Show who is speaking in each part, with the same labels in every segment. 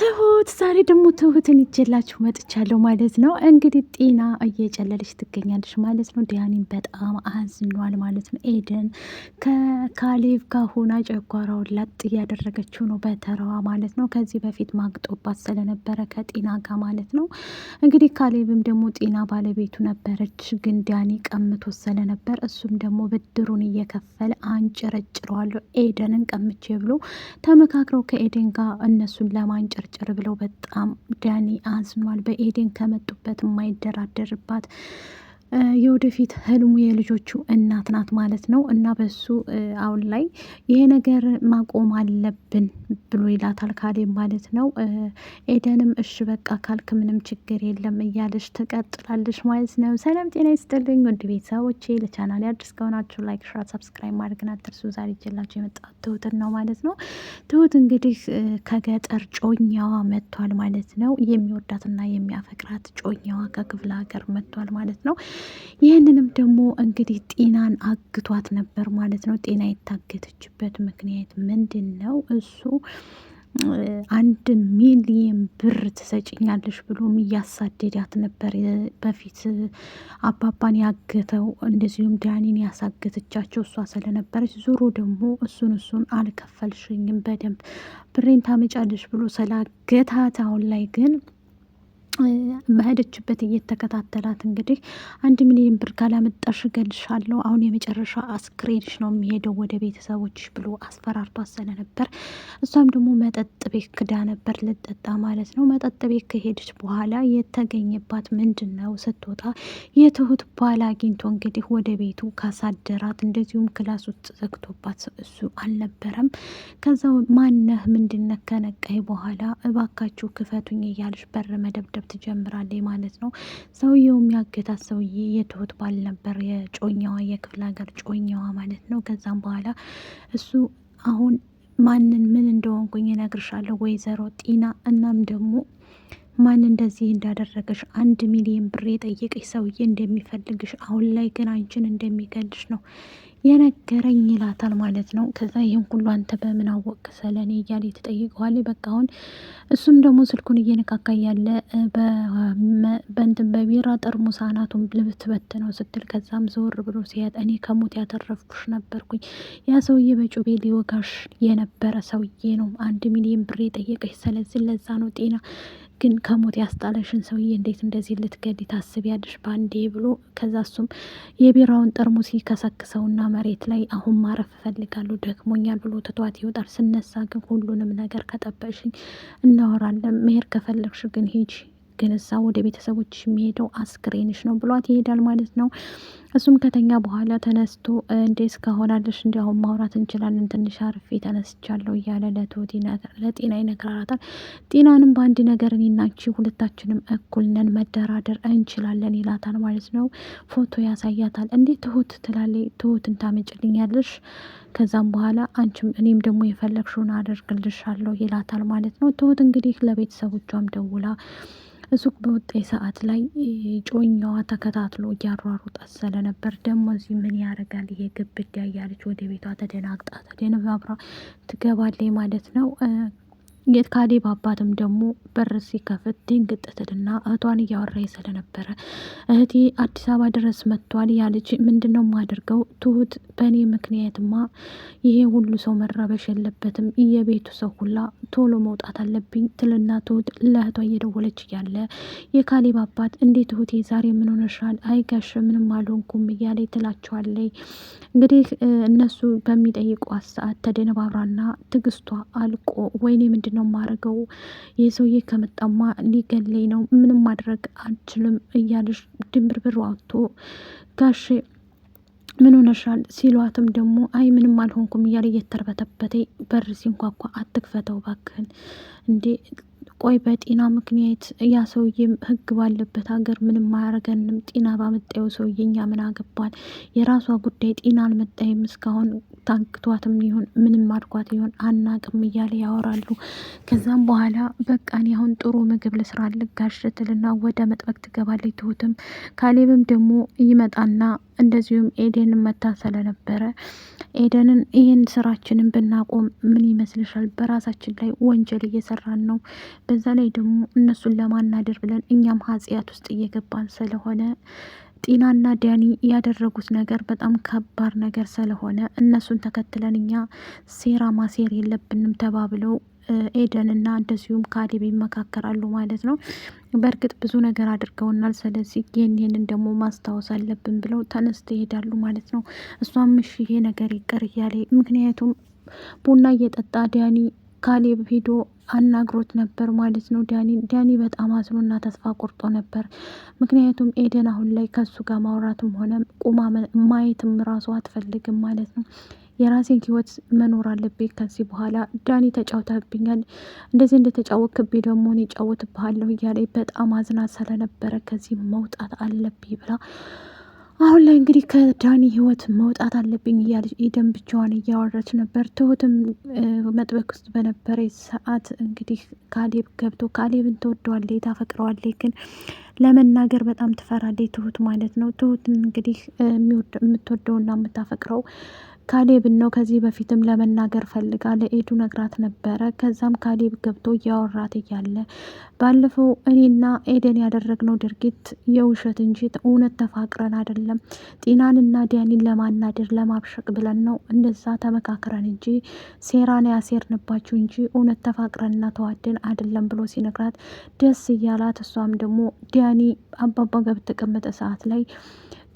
Speaker 1: ትሁት ዛሬ ደግሞ ትሁትን ይዤላችሁ መጥቻለሁ ማለት ነው። እንግዲህ ጤና እየጨለለች ትገኛለች ማለት ነው። ዲያኒን በጣም አዝኗል ማለት ነው። ኤደን ከካሌቭ ጋር ሆና ጨጓራውን ላጥ እያደረገችው ነው በተራዋ ማለት ነው። ከዚህ በፊት ማግጦባት ስለነበረ ከጤና ጋር ማለት ነው። እንግዲህ ካሌቭም ደግሞ ጤና ባለቤቱ ነበረች፣ ግን ዲያኒ ቀምቶ ስለነበር እሱም ደግሞ ብድሩን እየከፈለ አንጭረጭረዋለሁ ኤደንን ቀምቼ ብሎ ተመካክረው ከኤደን ጋር እነሱን ለማንጨር ጭር ብለው በጣም ዳኒ አዝኗል። በኤደን ከመጡበት የማይደራደርባት የወደፊት ህልሙ የልጆቹ እናት ናት ማለት ነው። እና በሱ አሁን ላይ ይሄ ነገር ማቆም አለብን ብሎ ይላታል ካሌብ ማለት ነው። ኤደንም እሽ በቃ ካልክ ምንም ችግር የለም እያለች ትቀጥላለች ማለት ነው። ሰላም ጤና ይስጥልኝ ውድ ቤተሰቦቼ፣ ለቻናል አዲስ ከሆናችሁ ላይክ፣ ሽራ፣ ሰብስክራይብ ማድረግን አትርሱ። ዛሬ ይዤላችሁ የመጣሁት ትሁትን ነው ማለት ነው። ትሁት እንግዲህ ከገጠር ጮኛዋ መጥቷል ማለት ነው። የሚወዳትና የሚያፈቅራት ጮኛዋ ከክፍለ ሀገር መጥቷል ማለት ነው። ይህንንም ደግሞ እንግዲህ ጤናን አግቷት ነበር ማለት ነው። ጤና የታገተችበት ምክንያት ምንድን ነው? እሱ አንድ ሚሊየን ብር ትሰጭኛለሽ ብሎም እያሳደዳት ነበር። በፊት አባባን ያገተው እንደዚሁም ዳኒን ያሳገተቻቸው እሷ ስለነበረች ዙሮ ደግሞ እሱን እሱን አልከፈልሽኝም በደንብ ብሬን ታመጫለሽ ብሎ ስላገታት አሁን ላይ ግን በሄደችበት እየተከታተላት እንግዲህ አንድ ሚሊዮን ብር ካላመጣሽ እገልሻለሁ፣ አሁን የመጨረሻ አስክሬንሽ ነው የሚሄደው ወደ ቤተሰቦች ብሎ አስፈራርቶ አሰለ ነበር። እሷም ደግሞ መጠጥ ቤት ክዳ ነበር፣ ልጠጣ ማለት ነው። መጠጥ ቤት ከሄደች በኋላ የተገኘባት ምንድን ነው? ስትወጣ የትሁት ባል አግኝቶ እንግዲህ ወደ ቤቱ ካሳደራት፣ እንደዚሁም ክላስ ውስጥ ዘግቶባት እሱ አልነበረም። ከዛው ማነህ ምንድነህ ከነቃይ በኋላ እባካችሁ ክፈቱኝ እያለች በር መደብደ ማቅረብ ትጀምራለች ማለት ነው። ሰውየው የሚያገታት ሰውዬ የትሁት ባል ነበር፣ የጮኛዋ የክፍለ ሀገር ጮኛዋ ማለት ነው። ከዛም በኋላ እሱ አሁን ማንን ምን እንደሆንኩኝ እነግርሻለሁ ወይዘሮ ጤና እናም ደግሞ ማን እንደዚህ እንዳደረገሽ አንድ ሚሊዮን ብር የጠየቀሽ ሰውዬ እንደሚፈልግሽ አሁን ላይ ግን አንቺን እንደሚገልሽ ነው የነገረኝ ይላታል ማለት ነው። ከዛ ይህን ሁሉ አንተ በምን አወቅ ስለኔ እያለ የተጠይቀዋል። በቃ አሁን እሱም ደግሞ ስልኩን እየነካካ ያለ በንትን በቢራ ጠርሙስ አናቱን ልብትበት ነው ስትል፣ ከዛም ዘወር ብሎ ሲያት እኔ ከሞት ያተረፍኩሽ ነበርኩኝ። ያ ሰውዬ በጩቤ ሊወጋሽ የነበረ ሰውዬ ነው። አንድ ሚሊዮን ብር የጠየቀሽ ስለዚህ ለዛ ነው ጤና ግን ከሞት ያስጣለሽን ሰውዬ እንዴት እንደዚህ ልትገድ ታስቢያለሽ ባንዴ ብሎ ከዛ እሱም የቢራውን ጠርሙስ ከሰክሰውና መሬት ላይ አሁን ማረፍ እፈልጋለሁ ደክሞኛል ብሎ ትቷት ይወጣል። ስነሳ ግን ሁሉንም ነገር ከጠበቅሽኝ እናወራለን። መሄድ ከፈለግሽ ግን ሂጂ ግን እዛ ወደ ቤተሰቦች የሚሄደው አስክሬንሽ ነው ብሏት ይሄዳል ማለት ነው። እሱም ከተኛ በኋላ ተነስቶ እንዴ እስካሆናለሽ እንዲያሁን ማውራት እንችላለን ትንሽ አርፌ ተነስቻለሁ እያለ ለትሁት ለጤና ይነግራታል። ጤናንም በአንድ ነገር እኔና ሁለታችንም እኩል ነን መደራደር እንችላለን ይላታል ማለት ነው። ፎቶ ያሳያታል። እንዴ ትሁት ትላለች። ትሁትን ታመጭልኛለሽ ከዛም በኋላ አንቺም እኔም ደግሞ የፈለግሽውን አደርግልሻለሁ ይላታል ማለት ነው። ትሁት እንግዲህ ለቤተሰቦቿም ደውላ እሱ በወጣ ሰዓት ላይ ጮኛዋ ተከታትሎ እያሯሩ ጠሰለ ነበር። ደግሞ እዚህ ምን ያደርጋል ይሄ ግብዳ እያለች ወደ ቤቷ ተደናግጣ ተደነባብራ ትገባለች ማለት ነው። የካሌብ አባትም ደግሞ በር ሲከፍት ድንግጥ ትልና እህቷን እያወራኝ ስለነበረ እህቴ አዲስ አበባ ድረስ መጥቷል ያለች ምንድን ነው የማደርገው ትሁት በእኔ ምክንያትማ ይሄ ሁሉ ሰው መረበሽ የለበትም የቤቱ ሰው ሁላ ቶሎ መውጣት አለብኝ ትልና ትሁት ለእህቷ እየደወለች እያለ የካሌብ አባት እንዴ ትሁቴ ዛሬ ምን ሆነሻል? አይጋሽ ምንም አልሆንኩም እያለ ትላቸዋለይ። እንግዲህ እነሱ በሚጠይቋት ሰዓት ተደነባብራና ትግስቷ አልቆ ወይኔ ምንድነው ነው ማድረገው? ይህ ሰውዬ ከመጣማ ሊገለኝ ነው፣ ምንም ማድረግ አልችልም እያለች ድንብርብር አቶ ጋሼ ምን ሆነሻል ሲሏትም ደግሞ አይ ምንም አልሆንኩም እያለ እየተርበተበተ በር ሲንኳኳ አትክፈተው ባክህን እንዴ ቆይ በጤና ምክንያት ያ ሰውዬ ህግ ባለበት ሀገር ምንም አያረገንም። ጤና ባመጣው ሰውዬ እኛ ምን አገባል? የራሷ ጉዳይ ጤና አልመጣይም እስካሁን ታግቷትም ይሁን ምንም አድጓት ይሁን አናቅም እያለ ያወራሉ። ከዛም በኋላ በቃ እኔ አሁን ጥሩ ምግብ ልስራ ልጋሽ ትልና ወደ መጥበቅ ትገባለች። ትሁትም ካሌብም ደግሞ ይመጣና እንደዚሁም ኤደን መታ ስለነበረ ኤደንን ይህን ስራችንን ብናቆም ምን ይመስልሻል? በራሳችን ላይ ወንጀል እየሰራን ነው። በዛ ላይ ደግሞ እነሱን ለማናደር ብለን እኛም ኃጢአት ውስጥ እየገባን ስለሆነ ጤናና ዳኒ ያደረጉት ነገር በጣም ከባድ ነገር ስለሆነ እነሱን ተከትለን እኛ ሴራ ማሴር የለብንም ተባብለው ኤደንና እንደዚሁም ካሌብ ይመካከራሉ ማለት ነው። በእርግጥ ብዙ ነገር አድርገውናል። ስለዚህ ይህን ይህንን ደግሞ ማስታወስ አለብን ብለው ተነስተው ይሄዳሉ ማለት ነው። እሷም እሺ ይሄ ነገር ይቅር እያለ ምክንያቱም ቡና እየጠጣ ዳኒ ካሌብ ሄዶ አናግሮት ነበር ማለት ነው። ዳኒ ዳኒ በጣም አዝኖና ተስፋ ቆርጦ ነበር። ምክንያቱም ኤደን አሁን ላይ ከሱ ጋር ማውራትም ሆነ ቁማ ማየትም ራሱ አትፈልግም ማለት ነው። የራሴን ህይወት መኖር አለብኝ ከዚህ በኋላ ዳኒ ተጫውተብኛል፣ እንደዚህ እንደተጫወትክብኝ ደግሞ እኔ እጫወትብሃለሁ እያለ በጣም አዝና ስለነበረ ከዚህ መውጣት አለብኝ ብላ አሁን ላይ እንግዲህ ከዳኒ ህይወት መውጣት አለብኝ እያለች ኢደን ብቻዋን እያወራች ነበር። ትሁትም መጥበቅ ውስጥ በነበረ ሰዓት እንግዲህ ካሌብ ገብቶ ካሌብን ትወደዋለች፣ ታፈቅረዋለች፣ ግን ለመናገር በጣም ትፈራለች ትሁት ማለት ነው። ትሁትን እንግዲህ የምትወደውና የምታፈቅረው ካሌብን ነው ከዚህ በፊትም ለመናገር ፈልጋ ለኤዱ ነግራት ነበረ። ከዛም ካሌብ ገብቶ እያወራት እያለ ባለፈው እኔና ኤደን ያደረግነው ድርጊት የውሸት እንጂ እውነት ተፋቅረን አይደለም፣ ጤናንና ዲያኒን ለማናደር ለማብሸቅ ብለን ነው እንደዛ ተመካክረን እንጂ ሴራን ያሴርንባችሁ እንጂ እውነት ተፋቅረንና ተዋደን አይደለም ብሎ ሲነግራት ደስ እያላት እሷም ደግሞ ዲያኒ አባባ ገብት ተቀመጠ ሰዓት ላይ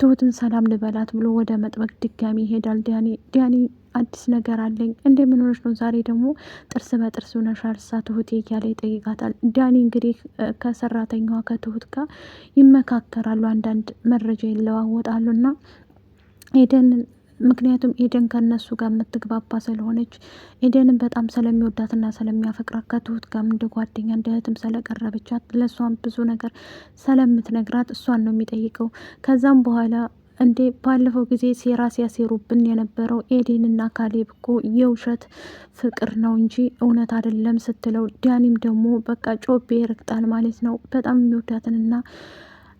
Speaker 1: ትሁትን ሰላም ልበላት ብሎ ወደ መጥበቅ ድጋሚ ይሄዳል። ዲያኔ ዲያኔ አዲስ ነገር አለኝ እንደ ምን ነው ዛሬ ደግሞ ጥርስ በጥርስ ሆነሻል ሳ ትሁቴ እያለ ይጠይቃታል። ዳኒ እንግዲህ ከሰራተኛዋ ከትሁት ጋር ይመካከራሉ፣ አንዳንድ መረጃ ይለዋወጣሉና ኤደንን ምክንያቱም ኤደን ከእነሱ ጋር የምትግባባ ስለሆነች ኤደንን በጣም ስለሚወዳትና ስለሚያፈቅራት ከትሁት ጋር እንደ ጓደኛ እንደ እህትም ስለቀረበቻት ለእሷን ብዙ ነገር ስለምትነግራት እሷን ነው የሚጠይቀው። ከዛም በኋላ እንዴ ባለፈው ጊዜ ሴራ ሲያሴሩብን የነበረው ኤዴንና ካሌብ እኮ የውሸት ፍቅር ነው እንጂ እውነት አይደለም ስትለው፣ ዲያኒም ደግሞ በቃ ጮቤ ይረግጣል ማለት ነው። በጣም የሚወዳትንና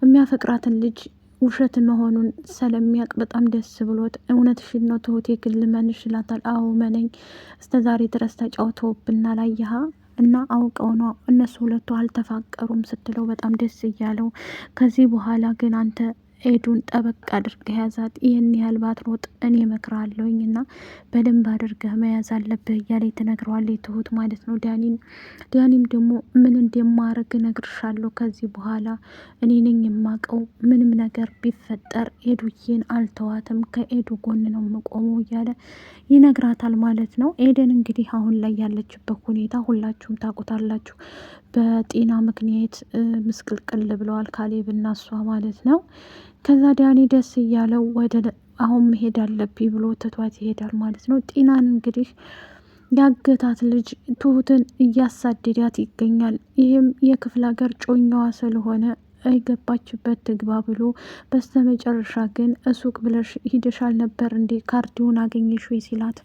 Speaker 1: የሚያፈቅራትን ልጅ ውሸት መሆኑን ስለሚያውቅ በጣም ደስ ብሎት እውነትሽን ነው ትሁቴ ግን ልመንሽ ይላታል። አዎ መነኝ እስከ ዛሬ ድረስ ተጫውተውብና ላይሃ እና አውቀው ነው እነሱ ሁለቱ አልተፋቀሩም ስትለው በጣም ደስ እያለው ከዚህ በኋላ ግን አንተ ኤዱን ጠበቅ አድርገህ ያዛት። ይህን ያህል ባትሮጥ እኔ እመክርሃለሁኝ እና በደንብ አድርገህ መያዝ አለብህ እያለ ትነግረዋል ትሁት ማለት ነው። ዲያኒን። ዲያኒም ደግሞ ምን እንደማረግ እነግርሻለሁ ከዚህ በኋላ እኔ ነኝ የማቀው። ምንም ነገር ቢፈጠር ኤዱዬን አልተዋትም፣ ከኤዱ ጎን ነው የምቆመው እያለ ይነግራታል ማለት ነው። ኤደን እንግዲህ አሁን ላይ ያለችበት ሁኔታ ሁላችሁም ታውቁታላችሁ። በጤና ምክንያት ምስቅልቅል ብለዋል ካሌብ እና እሷ ማለት ነው። ከዛ ዳኒ ደስ እያለው ወደ አሁን መሄድ አለብኝ ብሎ ትቷት ይሄዳል ማለት ነው። ጤናን እንግዲህ ያገታት ልጅ ትሁትን እያሳደዳት ይገኛል። ይህም የክፍለ ሀገር ጮኛዋ ስለሆነ አይገባችበት ትግባ ብሎ በስተ መጨረሻ ግን እሱቅ ብለሽ ሂደሻል ነበር እንዴ ካርዲውን አገኘሽ ወይ ሲላት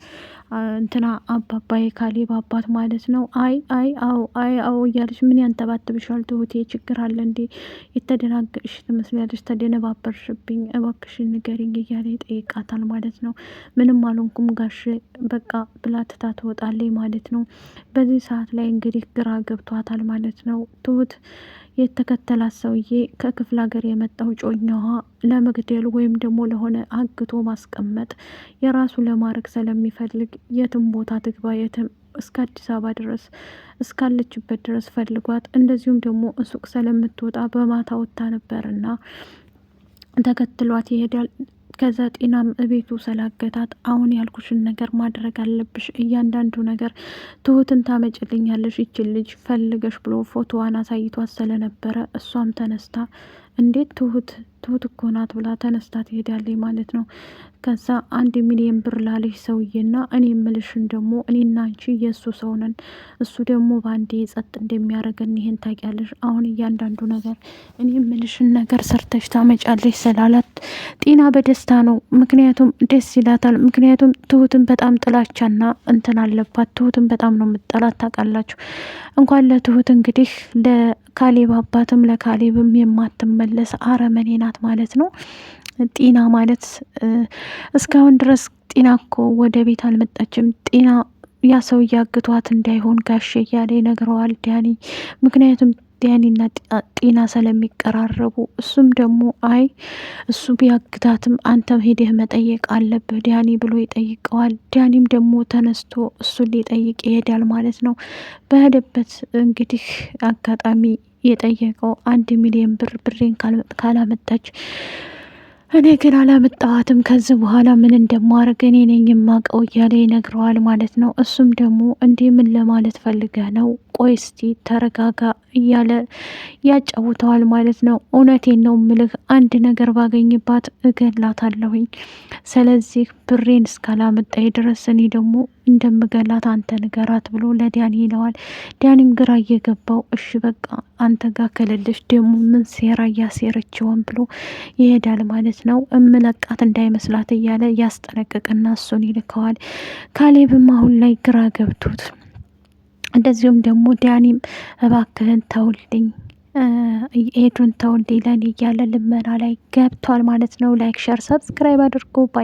Speaker 1: እንትና አባባ የካሌብ አባት ማለት ነው። አይ አይ አዎ አይ አዎ እያለች ምን ያንተባትብሻል ትሁቴ፣ ችግር አለ እንዴ? የተደናገሽ ትመስላለች፣ ተደነባበርሽብኝ፣ እባክሽን ንገሪኝ እያለ ይጠይቃታል ማለት ነው። ምንም አልሆንኩም ጋሽ በቃ ብላ ትታ ትወጣለች ማለት ነው። በዚህ ሰዓት ላይ እንግዲህ ግራ ገብቷታል ማለት ነው ትሁት የተከተላት ሰውዬ ከክፍለ ሀገር የመጣው ጮኛዋ ለመግደል ወይም ደግሞ ለሆነ አግቶ ማስቀመጥ የራሱ ለማድረግ ስለሚፈልግ የትም ቦታ ትግባ የትም እስከ አዲስ አበባ ድረስ እስካለችበት ድረስ ፈልጓት፣ እንደዚሁም ደግሞ ሱቅ ስለምትወጣ በማታ ወጥታ ነበርና ተከትሏት ይሄዳል። ከዛ ጤናም እቤቱ ሰላገታት። አሁን ያልኩሽን ነገር ማድረግ አለብሽ። እያንዳንዱ ነገር ትሁትን ታመጭልኛለሽ ይች ልጅ ፈልገሽ ብሎ ፎቶዋን አሳይቷት ስለነበረ እሷም ተነስታ እንዴት ትሁት ትሁት እኮ ናት ብላ ተነስታ ትሄዳለች ማለት ነው። ከዛ አንድ ሚሊዮን ብር ላልሽ ሰውዬና እኔ የምልሽን ደግሞ እኔና አንቺ የእሱ ሰው ነን። እሱ ደግሞ በአንዴ ጸጥ እንደሚያደርገን ይሄን ታውቂያለሽ። አሁን እያንዳንዱ ነገር እኔ የምልሽን ነገር ሰርተሽ ታመጫለሽ ስላላት ጤና በደስታ ነው። ምክንያቱም ደስ ይላታል። ምክንያቱም ትሁትን በጣም ጥላቻና እንትን አለባት። ትሁትን በጣም ነው የምጠላት ታውቃላችሁ። እንኳን ለትሁት እንግዲህ ለካሌብ አባትም ለካሌብም የማትመለስ አረመኔና ናት ማለት ነው። ጤና ማለት እስካሁን ድረስ ጤና እኮ ወደ ቤት አልመጣችም። ጤና ያ ሰው እያግቷት እንዳይሆን ጋሼ እያለ ይነግረዋል ዲያኒ። ምክንያቱም ዲያኒና ጤና ስለሚቀራረቡ እሱም ደግሞ አይ እሱ ቢያግታትም አንተ ሄደህ መጠየቅ አለብህ ዲያኒ ብሎ ይጠይቀዋል። ዲያኒም ደግሞ ተነስቶ እሱን ሊጠይቅ ይሄዳል ማለት ነው። በሄደበት እንግዲህ አጋጣሚ የጠየቀው አንድ ሚሊዮን ብር ብሬን ካላመጣች እኔ ግን አላመጣዋትም። ከዚህ በኋላ ምን እንደማደርግ እኔ ነኝ የማውቀው እያለ ይነግረዋል ማለት ነው። እሱም ደግሞ እንዲህ ምን ለማለት ፈልገ ነው? ቆይ እስቲ ተረጋጋ እያለ ያጫውተዋል ማለት ነው። እውነቴን ነው ምልህ፣ አንድ ነገር ባገኝባት እገላታለሁኝ። ስለዚህ ብሬን እስካላመጣ ድረስ እኔ ደግሞ እንደምገላት አንተ ንገራት ብሎ ለዲያን ይለዋል። ዲያንም ግራ እየገባው እሺ በቃ አንተ ጋር ከሌለች ደግሞ ምን ሴራ እያሴረችውን ብሎ ይሄዳል ማለት ነው። እምለቃት እንዳይመስላት እያለ ያስጠነቅቅና እሱን ይልከዋል። ካሌብም አሁን ላይ ግራ ገብቶት እንደዚሁም ደግሞ ዲያኒም እባክህን ተውልኝ ኤዱን ተውልኝ ለኔ እያለ ልመና ላይ ገብቷል ማለት ነው። ላይክ ሸር፣ ሰብስክራይብ አድርጎ ባይ